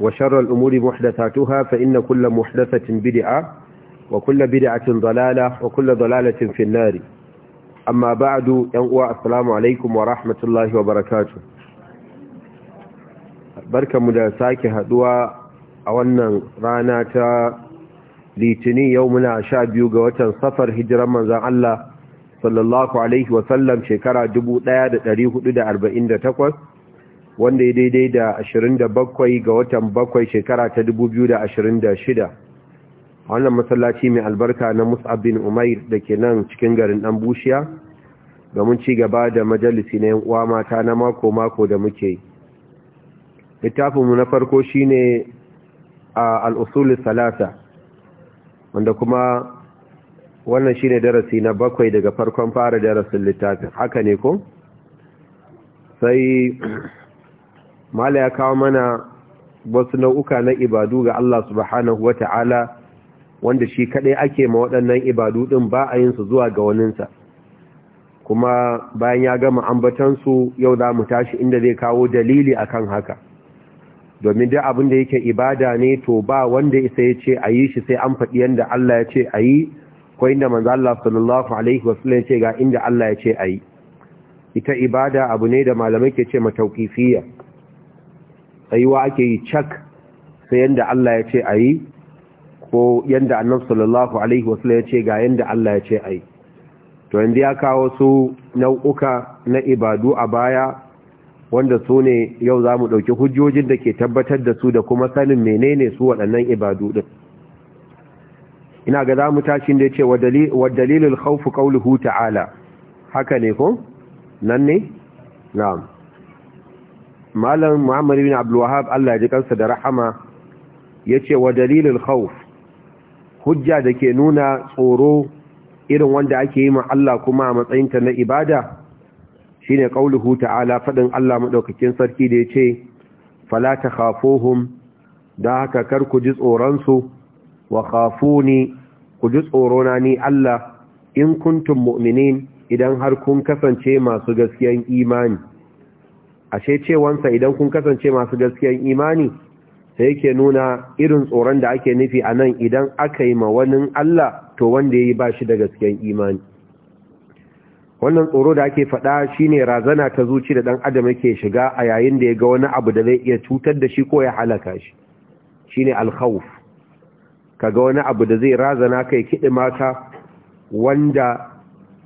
وشر الأمور محدثاتها فإن كل محدثة بدعة وكل بدعة ضلالة وكل ضلالة في النار أما بعد ينقوى السلام عليكم ورحمة الله وبركاته بركة مدساك هدوى أولا راناتا litini yau muna sha biyu ga watan safar hijiran manzan Allah sallallahu Alaihi wasallam shekara 1448 wanda ya daidai da 27 ga watan 7 shekara ta 2026 wannan masallaci mai albarka na Mus'ab bin Umair da ke nan cikin garin ɗan bushiya domin ci gaba da majalisi na uwa mata na mako-mako da muke yi. Littafinmu na farko shi ne a al'usulun salasa wanda kuma wannan shi ne darasi na bakwai daga farkon fara darasin littafin haka ne ko? sai mala ya kawo mana wasu nau'uka na ibadu ga Allah subhanahu wa ta'ala, wanda shi kadai ake ma waɗannan ibadu ɗin ba a yin su zuwa ga waninsa kuma bayan ya gama ambatansu yau za mu tashi inda zai kawo dalili akan haka domin dai abin da yake ibada ne to ba wanda isa ya ce a yi shi sai an faɗi yadda Allah ya ce a yi ko inda manzo Allah sallallahu alaihi wasallam ya ce ga inda Allah ya ce a yi ita ibada abu ne da malamai ke ce matauqifiyya tsayuwa ake yi cak sai yadda Allah ya ce a yi ko yadda annab sallallahu alaihi wasallam ya ce ga yadda Allah ya ce a yi to yanzu ya kawo su nau'uka na ibadu a baya wanda su ne yau za mu ɗauki hujjojin da ke tabbatar da su da kuma sanin menene su waɗannan ibadu ɗin ina ga za mu tashi da ya ce wa dalilin haufu qawluhu ta'ala haka ne ko nan ne na'am malam muhammadu bin abdul wahab Allah ya ji kansa da rahama ce wa dalilin khawf hujja da ke nuna tsoro irin wanda ake yi wa Allah kuma a matsayinta na ibada Shi shine qauluhu ta'ala faɗin Allah madaukakin sarki da ce, fala khafohun da haka kar ku ji tsoron su wa ni ku ji tsorona ni Allah in kuntun mu'minin idan har kun kasance masu gaskiyan imani ashe cewansa idan kun kasance masu gaskiyar imani sai yake nuna irin tsoron da ake nufi a nan idan aka yi ma wani Allah to wanda ya yi ba shi da gaskiyar imani wannan tsoro da ake faɗa shine razana ta zuci da ɗan adam yake shiga a yayin da ya ga wani abu da zai iya cutar da shi ko ya halaka shi shine alkhawf kaga wani abu da zai razana kai kiɗi mata wanda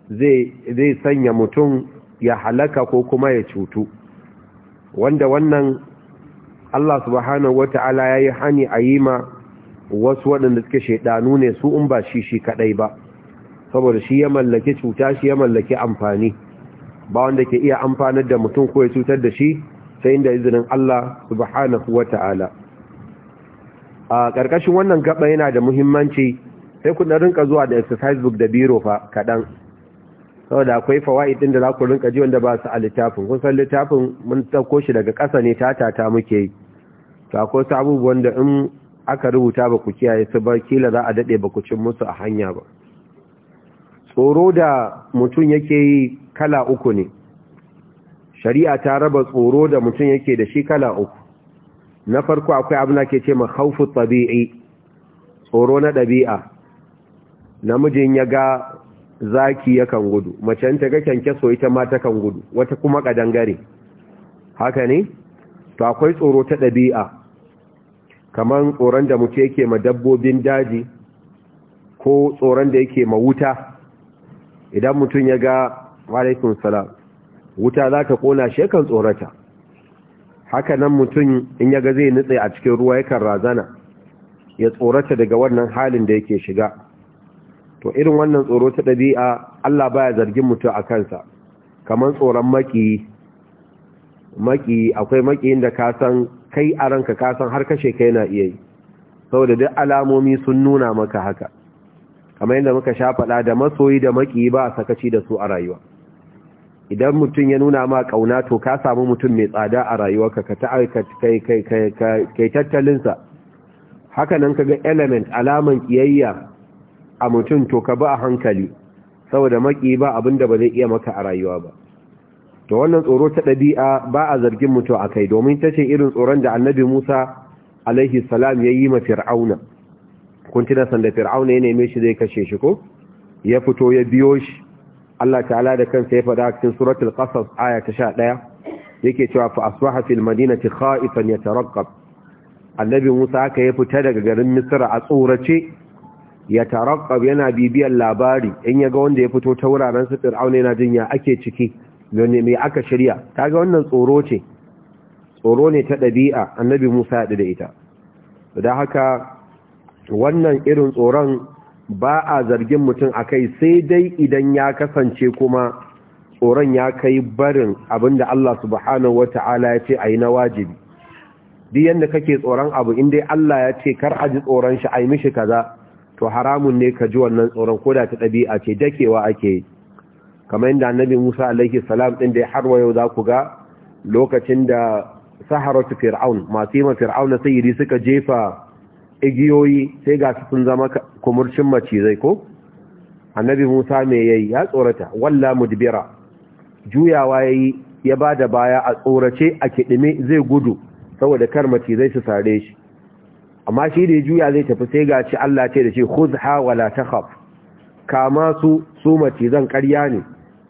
zai sanya mutum ya halaka ko kuma ya cutu wanda wannan Allah subhanahu ya yi hani a yi ma wasu waɗanda suke shaidanu ne su in ba shi shi kadai ba saboda shi ya mallaki cuta shi ya mallaki amfani ba wanda ke iya amfanar da mutum ko ya cutar da shi sai inda izinin Allah subhanahu wata'ala a ƙarƙashin wannan gaba yana da muhimmanci sai ku rinka zuwa da exercise book da biro fa kaɗan saboda akwai fawai din da za ku rinka ji wanda ba su a littafin kun san littafin mun dauko shi daga ƙasa ne tatata muke yi to akwai wasu abubuwan da in aka rubuta ba ku kiyaye su ba kila za a dade ba ku cin musu a hanya ba tsoro da mutum yake yi kala uku ne shari'a ta raba tsoro da mutum yake da shi kala uku na farko akwai abu da ke ce ma khawfu tabi'i tsoro na ɗabi'a namijin ya ga zaki yakan gudu macen ta ga kyankyaso ita ma takan gudu wata kuma kadangare haka ne to akwai tsoro ta ɗabi'a Kaman tsoron da mutum yake ma dabbobin daji ko tsoron da yake ma wuta idan mutum ya ga alaikum salam wuta za ta kona shi yakan tsorata haka nan mutum in ya ga zai nutse a cikin ruwa yakan razana ya tsorata daga wannan halin da yake shiga to irin wannan tsoro ta ɗabi'a Allah baya zargin mutum a kansa kamar tsoron maki maki akwai maki da ka san kai a ranka ka san har kashe kai na iya yi saboda duk alamomi sun nuna maka haka kamar yadda muka sha faɗa da masoyi da maki ba a sakaci da su a rayuwa idan mutum ya nuna ma ƙauna to ka samu mutum mai tsada a rayuwarka ka ta kai tattalinsa haka nan ka ga element alaman kiyayya a mutum to ka ba a hankali saboda maki ba abinda ba zai iya maka a rayuwa ba to wannan tsoro ta ɗabi'a ba a zargin mutu a kai domin ta ce irin tsoron da annabi musa alaihi salam ya yi ma fir'auna kun tuna sanda fir'auna ya neme shi zai kashe shi ko ya fito ya biyo shi Allah ta'ala da kansa ya faɗa cikin suratul qasas aya ta 11 yake cewa fa asbaha fil madinati khaifan yatarqab annabi Musa aka ya fita daga garin Misra a tsorace ya tarakkab yana bibiyar labari in ya ga wanda ya fito ta wuraren su fir'auna yana jinya ake ciki mai aka shirya kaga wannan tsoro ce tsoro ne ta ɗabi'a annabi musa ya da ita da haka wannan irin tsoron ba a zargin mutum a kai sai dai idan ya kasance kuma tsoron ya kai barin abinda Allah subhanahu wa ta'ala ya ce a yi na wajibi duk yadda kake tsoron abu in dai Allah ya ce kar a ji tsoron shi a mishi kaza to haramun ne ka ji wannan tsoron koda ta ɗabi'a ce dakewa ake yi kamar yadda annabi musa alaihi salam ɗin da ya harwa yau za ku ga lokacin da saharatu fir'aun masu yi ma Fir'aun fir'auna sayiri suka jefa igiyoyi sai ga su sun zama kumurcin macizai ko annabi musa mai yayi ya tsorata walla mudbira juyawa ya yi ya ba da baya a tsorace a kiɗime zai gudu saboda kar macizai su sare shi amma shi da ya juya zai tafi sai ga ci Allah ce da ce khuzha wala takhaf kama su su mace zan ƙarya ne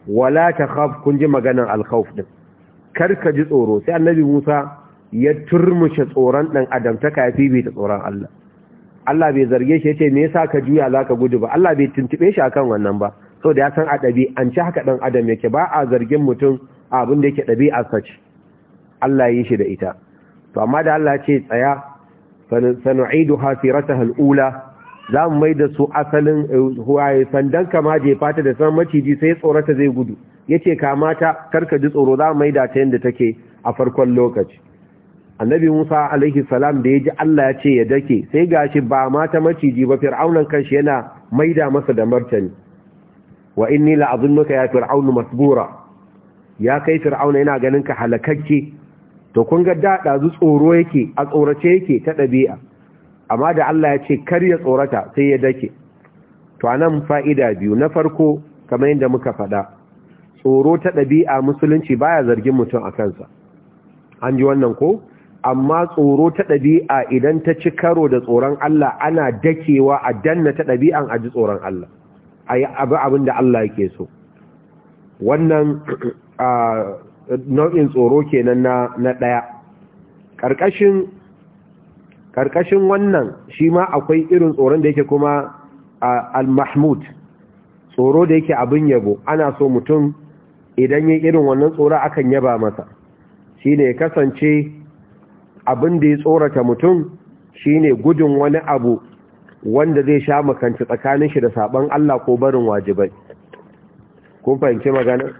wala takhaf kun ji maganar alkhawf din ka ji tsoro sai annabi Musa ya turmushe tsoron dan adam ta kafi bai ta tsoron Allah Allah bai zarge shi yace me yasa ka juya zaka gudu ba Allah bai tuntube shi akan wannan ba da ya san a an ci haka dan adam yake ba a zargin mutum abin da yake dabi'a sace Allah ya yi shi da ita to amma da Allah ce tsaya sanu'iduha sirataha al-ula za mu mai da su asalin huwaye eh, sandan kama je fata da san maciji sai tsorata zai gudu yace kamata, kar karka ji tsoro za mu mai da ta yanda take a farkon lokaci annabi Musa alaihi salam da yaji Allah ya ce ya dake sai gashi ba mata maciji ba fir'aunan kanshi yana maida masa da martani wa inni la'adunka ya Fir'aun masbura ya kai fir'auna yana ganin ka halakakke to kun ga daɗa zu tsoro yake a tsorace yake ta ɗabi'a amma da Allah ya ce kar ya tsorata sai ya dake to anan fa'ida biyu na farko kamar yadda muka faɗa tsoro ta ɗabi'a musulunci baya zargin mutum a kansa an ji wannan ko amma tsoro ta ɗabi'a idan ta ci karo da tsoron Allah ana dakewa a danna ta ɗabi'an a ji tsoron Allah a yi abin da Allah yake so wannan nau'in tsoro kenan na ɗaya daya karkashin wannan shi ma akwai irin tsoron da yake kuma al-mahmud tsoro da yake abin yabo ana so mutum idan yi irin wannan tsoro akan yaba masa shine ya kasance abin da ya tsorata mutum shine gudun wani abu wanda zai sha makanci tsakanin shi da saban Allah ko barin wajibai kun fahimci magana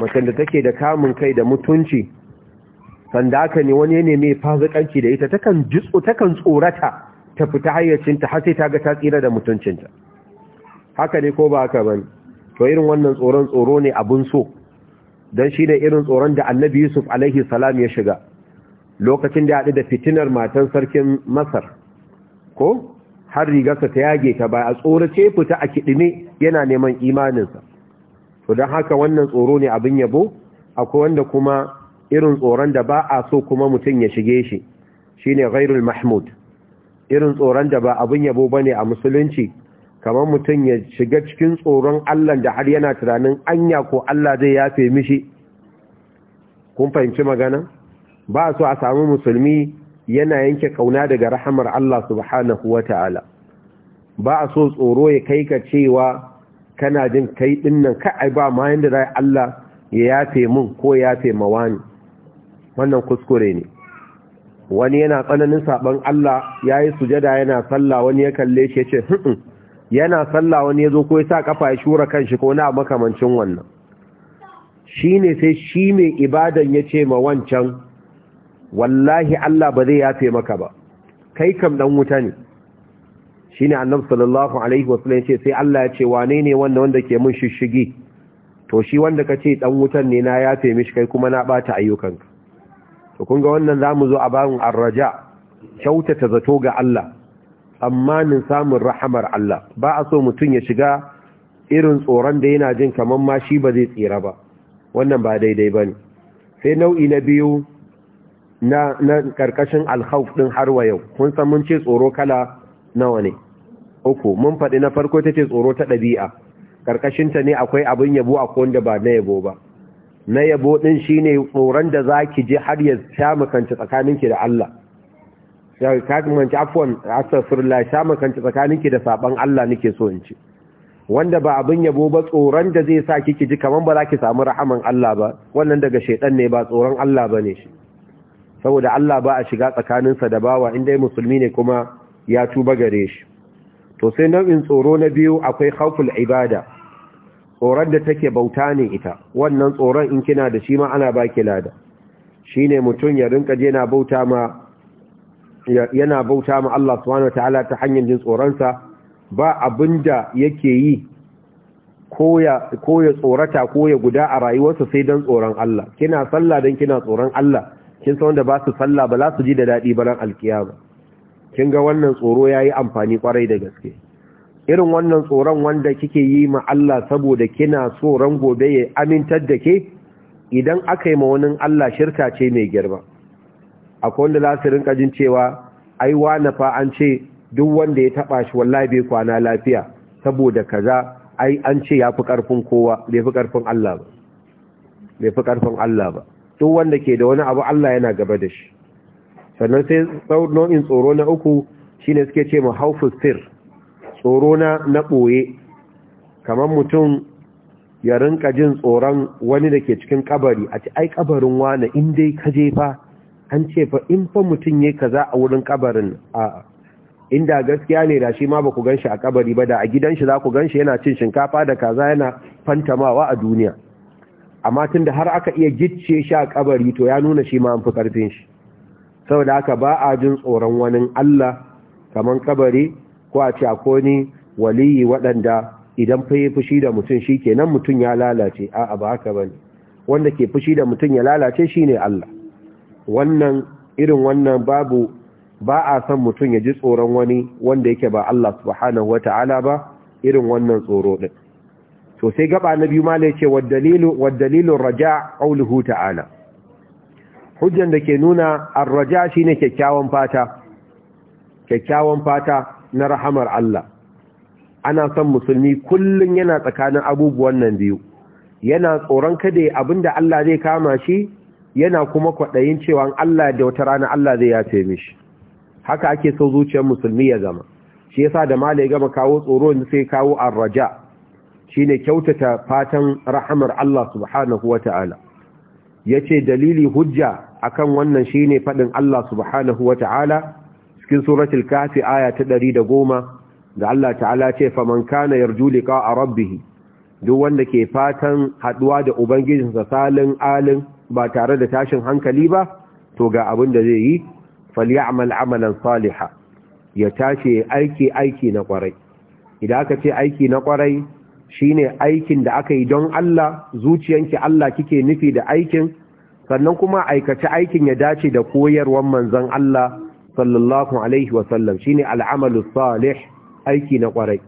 mace da take da kamun kai da mutunci sanda haka ne wani ne mai fazikanci da ita takan jitsu takan tsorata ta fita hayyacinta har sai ta ga ta tsira da mutuncinta haka ne ko ba haka bane to irin wannan tsoron tsoro ne abun so dan shi ne irin tsoron da Annabi Yusuf alaihi salam ya shiga lokacin da ya haɗu da fitinar matan sarkin Masar ko har rigarsa ta yage ta baya a tsorace fita a kidine yana neman imaninsa to don haka wannan tsoro ne abin yabo akwai wanda kuma irin tsoron da ba a so kuma mutum ya shige shi shine ghairul mahmud irin tsoron da ba abin yabo ne a musulunci kamar mutum ya shiga cikin tsoron Allah da har yana tunanin anya ko Allah zai yafe mishi kun fahimci magana ba a so a samu musulmi yana yanke kauna daga rahamar Allah subhanahu wataala ba a so tsoro ya kai ka cewa kana jin kai dinnan ka ai ba ma yanda yi Allah ya yafe mun ko ya yafe mawani wannan kuskure ne wani yana tsananin saban Allah yayi sujada yana sallah wani ya kalle shi yace hmm yana sallah wani ya zo ko ya sa kafa ya shura kanshi ko na makamancin wannan shine sai shi mai ibadan yace ma wancan wallahi Allah ba zai yafe maka ba kai kam ɗan wuta ne ne annabi sallallahu alaihi wasallam ce sai Allah ya ce wane ne wanda wanda ke mun shishigi to shi wanda ka ce dan wutan ne na yafe mishi kai kuma na bata ayyukanka to kun ga wannan zamu zo a bayin arraja kyautata zato ga Allah tsammanin samun rahamar Allah ba a so mutun ya shiga irin tsoron da yana jin kamar ma shi ba zai tsira ba wannan ba daidai bane sai nau'i na biyu na na karkashin alkhawf din har wa yau kun san mun ce tsoro kala nawa ne uku mun faɗi na farko ta ce tsoro ta ɗabi'a ƙarƙashinta ne akwai abin yabo a wanda ba na yabo ba na yabo ɗin shi ne tsoron da za ki ji har ya shamakanci tsakaninki da Allah da Allah nake so in ci wanda ba abin yabo ba tsoron da zai sa kiki ji kamar ba za ki samu rahaman Allah ba wannan daga shaiɗan ne ba tsoron Allah ba ne shi saboda Allah ba a shiga tsakaninsa da bawa in inda musulmi ne kuma ya tuba gare shi to sai nau'in tsoro na biyu akwai khawful ibada tsoron da take bauta ne ita wannan tsoron in kina da shi ma ana baki lada shine mutum ya rinka je na bauta ma yana bauta ma Allah subhanahu wataala ta hanyar jin tsoronsa ba abin da yake yi ko ya tsorata ko ya guda a rayuwarsa sai dan tsoron Allah kina sallah dan kina tsoron Allah kin san wanda ba su sallah ba za su ji da dadi ba ran alkiyama kin ga wannan tsoro yayi amfani kwarai da gaske irin wannan tsoron wanda kike yi ma Allah saboda kina so ran gobe ya amintar da ke idan aka yi ma wani Allah shirka ce mai girma akwai wanda za su rinka jin cewa ai wani fa an ce duk wanda ya taba shi wallahi bai kwana lafiya saboda kaza ai an ce ya fi karfin kowa bai fi karfin Allah ba bai fi karfin Allah ba duk wanda ke da wani abu Allah yana gaba da shi sannan sai nau'in tsoro na uku shine suke ce mu sir tsoro na na ɓoye kamar mutum ya rinka jin tsoron wani da ke cikin kabari a ci ai kabarin wane in dai ka an ce fa in fa mutum ya kaza a wurin kabarin a inda gaskiya ne da shi ma ba ku ganshi a kabari ba da a gidan shi za ku shi yana cin shinkafa da kaza yana fantamawa a duniya amma tun da har aka iya gicce shi a kabari to ya nuna shi ma an fi karfin shi saboda haka ba a jin tsoron wani Allah kamar kabari ko a ce ni waliyi waɗanda idan fa fushi da mutum shi ke nan mutum ya lalace a'a ba haka ba ne. wanda ke fushi da mutum ya lalace shi ne Allah wannan irin wannan babu ba a son mutum ya ji tsoron wani wanda yake ba Allah subhanahu ta'ala ba irin wannan tsoro ɗin to sai gaba na biyu ma la ce wad raja' ta'ala hujjan da ke nuna arraja shine kyakkyawan fata kyakkyawan fata na rahamar Allah ana son musulmi kullum yana tsakanin abubuwan nan biyu yana tsoron kada abinda Allah zai kama shi yana kuma kwaɗayin cewa Allah da wata rana Allah zai yace mishi haka ake so zuciyar musulmi ya zama shi yasa da mala ya gama kawo tsoro ne sai kawo arraja shine kyautata fatan rahamar Allah subhanahu wataala yace dalili hujja akan wannan shine faɗin Allah subhanahu wata'ala cikin suratul kafi aya ta ɗari da goma. Da Allah ta'ala ce faman kana yarju a rabbihi duk wanda ke fatan haɗuwa da ubangijinsa salin alin ba tare da tashin hankali ba to ga abin da zai yi amal amalan saliha ya tashi aiki aiki na kwarai idan aka ce aiki na kwarai shine aikin da aka yi don Allah zuciyanki Allah kike nufi da aikin sannan kuma aikace aikin ya dace da koyarwar manzon Allah sallallahu alaihi wasallam shine al'amalu salih aiki na kwarai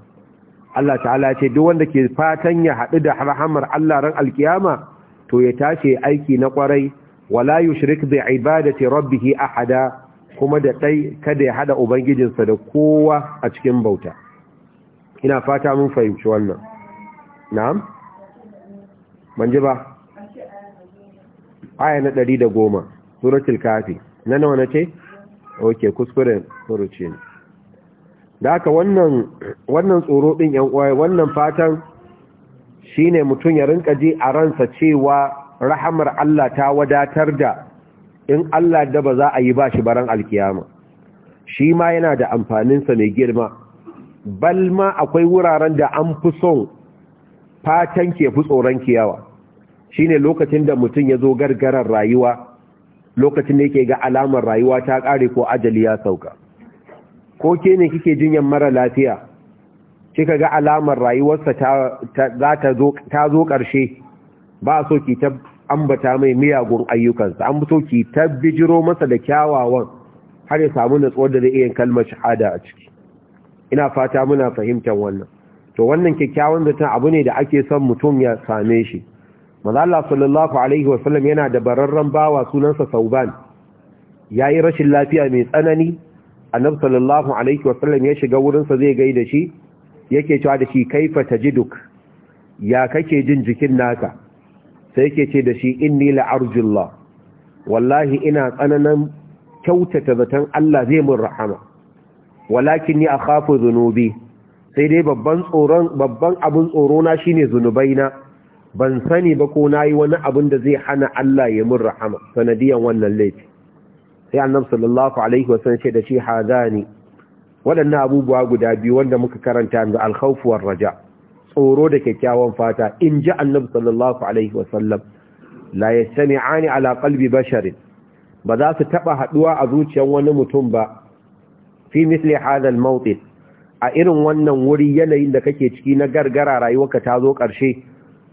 Allah ta'ala ce duk wanda ke fatan ya haɗu da rahamar Allah ran alkiyama to ya tashi aiki na kwarai wala yushrik bi ibadati rabbih ahada kuma da dai kada ya haɗa ubangijinsa da kowa a cikin bauta ina fata mun fahimci wannan na'am ban ji ba aya na ɗari da goma suratul kafi na nawa na ce ok kuskuren suruce ne da aka wannan tsoro ɗin yan uwa wannan fatan shine mutum ya rinka ji a ransa cewa rahamar Allah ta wadatar da in Allah da ba za a yi ba shi baran alkiyama shi ma yana da amfanin sa mai girma bal ma akwai wuraren da an fi son fatan ke fi tsoron kiyawa shi ne lokacin da mutum ya zo gargarar rayuwa lokacin da yake ga alamar rayuwa ta ƙare ko ajali ya sauka ko ke ne kike jinyar mara lafiya kika ga alamar rayuwarsa ta zo ƙarshe ba so ki ta ambata mai miyagun ayyukansa an so ki ta bijiro masa da kyawawan har ya samu natsuwar da zai iya kalmar shahada a ciki ina fata muna fahimtar wannan to wannan kyakkyawan zaton abu ne da ake son mutum ya same shi mazala sallallahu alaihi wasallam yana da bararren bawa sunansa sauban ya yi rashin lafiya mai tsanani annab sallallahu alaihi wasallam ya shiga wurinsa zai gaida shi yake cewa da shi kaifa tajiduk ya kake jin jikin naka sai yake ce da shi inni la'arjulla wallahi ina tsananan kyautata zaton Allah zai mun rahama walakin ni akhafu dhunubi sai dai babban babban abin tsoro na shine zunubaina ban sani ba ko na yi wani abin da zai hana Allah ya mun rahama sanadiyan wannan laifi sai annabi sallallahu alaihi wasallam ce da shi hadani waɗannan abubuwa guda biyu wanda muka karanta yanzu al raja tsoro da kyakkyawan fata in ji annabi sallallahu alaihi wasallam la yastami'ani ala qalbi basharin ba za su taba haduwa a zuciyar wani mutum ba fi misli hadha al a irin wannan wuri yanayin da kake ciki na gargara rayuwarka ta zo ƙarshe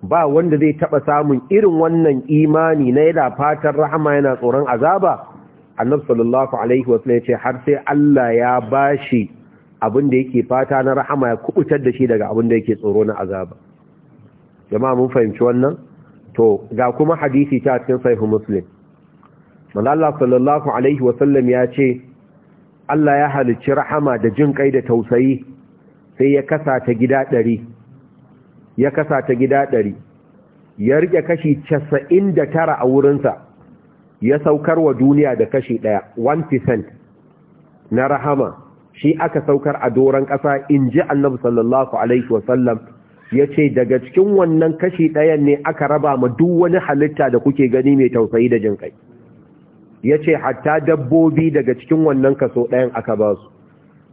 ba wanda zai taɓa samun irin wannan imani na yana fatan rahama yana tsoron azaba annab sallallahu alaihi wasu ya ce har sai Allah ya bashi abin da yake fata na rahama ya kubutar da shi daga abin da yake tsoro na azaba jama'a mun fahimci wannan to ga kuma hadisi ta cikin sahih muslim manzo Allah sallallahu alaihi wasallam ya ce Allah ya halicci rahama da jin kai da tausayi sai ya kasa ta gida ɗari ya kasa ta gida ɗari ya riƙe kashi casa'in da tara a wurinsa ya saukar wa duniya da kashi ɗaya 1% na rahama shi aka saukar a doron ƙasa in ji annabi sallallahu alaihi wasallam ya ce daga cikin wannan kashi ɗayan ne aka raba ma duk wani halitta da kuke gani mai tausayi da jin kai. ya ce hatta dabbobi daga cikin wannan kaso ɗayan aka ba su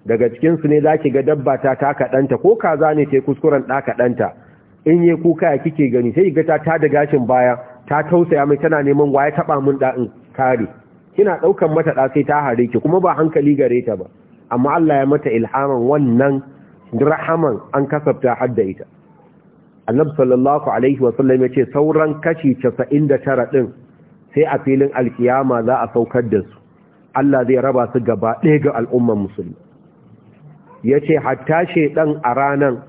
daga cikinsu ne za ki ga dabba ta ta kaɗanta ko kaza ne ta yi kuskuren ɗa kaɗanta in yi kuka ya kike gani sai ga ta ta da gashin baya ta tausaya mai tana neman waya taɓa mun ɗa in kare kina ɗaukan mata ɗa sai ta hare ki kuma ba hankali gare ta ba amma Allah ya mata ilhaman wannan rahaman an kasafta da ita annabi sallallahu alaihi wasallam ya ce sauran kashi 99 din sai a filin alkiyama za a saukar da su Allah zai raba su gaba ɗaya ga al'umman musulmi ya ce hatta ɗan a ranan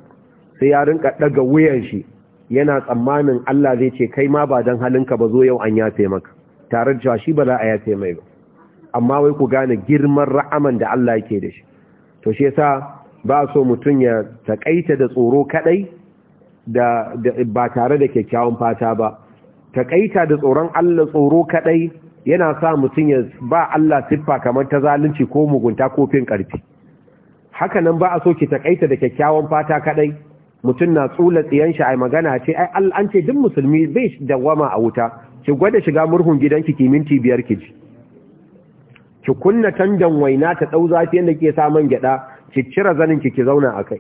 sai ya rinka ɗaga wuyan shi yana tsammanin Allah zai ce kai ma ba don halinka ba zo yau an yafe maka tare da shi ba za a yafe mai ba amma wai ku gane girman ra'aman da Allah yake da shi to shi yasa ba so mutum ya takaita da tsoro kaɗai ba tare da kyakkyawan fata ba takaita da tsoron Allah tsoro kaɗai yana sa mutum ya ba Allah siffa kamar ta zalunci ko mugunta ko fin karfi haka nan ba a so ki takaita da kyakkyawan fata kaɗai, mutum na tsula tsiyan shi ai magana ce ai Allah an ce duk musulmi bai dawama a wuta ki gwada shiga murhun gidanki ki minti biyar ki ji ki kunna tandan waina ta dau zafi yadda ke sa man gyada ki cire zanin ki ki zauna akai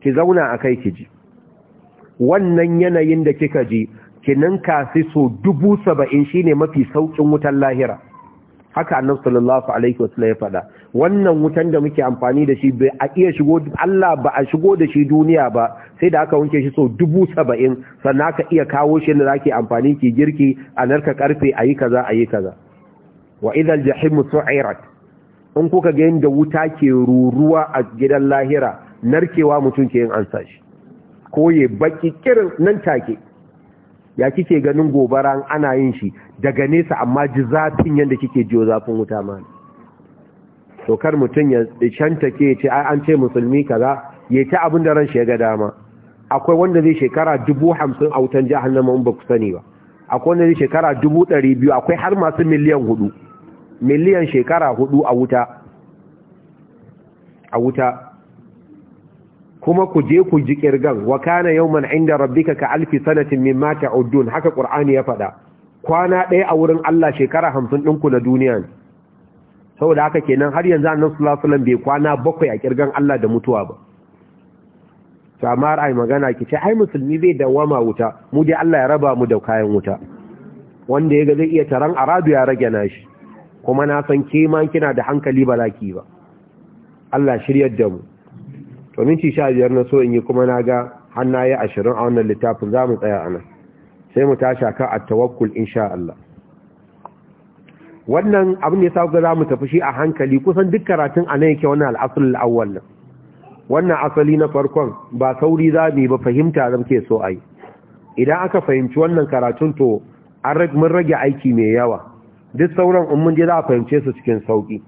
ki zauna akai ki ji wannan yanayin da kika ji kenan kasi sai so dubu saba'in shine mafi saukin wutan lahira haka annabi sallallahu alaihi wasallam ya faɗa wannan wutan da muke amfani da shi bai a iya shigo Allah ba a shigo da shi duniya ba sai da aka wanke shi so dubu saba'in sannan aka iya kawo shi da zaki amfani ki girki a narka karfe a yi kaza a yi kaza wa idal jahimu su'irat in kuka ga yadda wuta ke ruruwa a gidan lahira narkewa mutum ke yin ansa shi ko ya baki kirin nan take ya kike ganin gobara ana yin shi daga nesa amma ji zafin yadda kike jiyo zafin wuta ma to kar mutum ya canta ke ce ai an ce musulmi kaza ya ta abin da ran shiga ya ga dama akwai wanda zai shekara dubu hamsin a wutan jihar na ba ku sani ba akwai wanda zai shekara dubu ɗari biyu akwai har masu miliyan hudu miliyan shekara hudu a wuta a wuta kuma ku je ku ji kirgan wa kana yawman inda rabbika ka alfi sanatin mimma ta'udun haka qur'ani ya faɗa kwana ɗaya a wurin Allah shekara 50 ɗinku na duniya ne saboda haka kenan har yanzu annabi sallallahu alaihi bai kwana bakwai a kirgan Allah da mutuwa ba to amma ai magana ki ce ai musulmi zai dawama wuta mu dai Allah ya raba mu da kayan wuta wanda yaga zai iya taran arabu ya rage nashi kuma na san ke kina da hankali balaki ba Allah shiryar da mu to minti sha biyar na so in yi kuma na ga hanna ya ashirin a wannan littafin za mu tsaya a nan sai mu tashi ka a tawakkul insha Allah wannan abin da ya sauka za mu tafi shi a hankali kusan duk karatun a nan yake wannan al'asul al'awwal nan wannan asali na farkon ba sauri za mu yi ba fahimta zan ke so a yi idan aka fahimci wannan karatun to mun rage aiki mai yawa duk sauran mun je za a fahimce su cikin sauki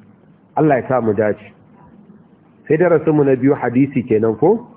Allah ya sa mu dace sai mu na biyu hadisi kenan ko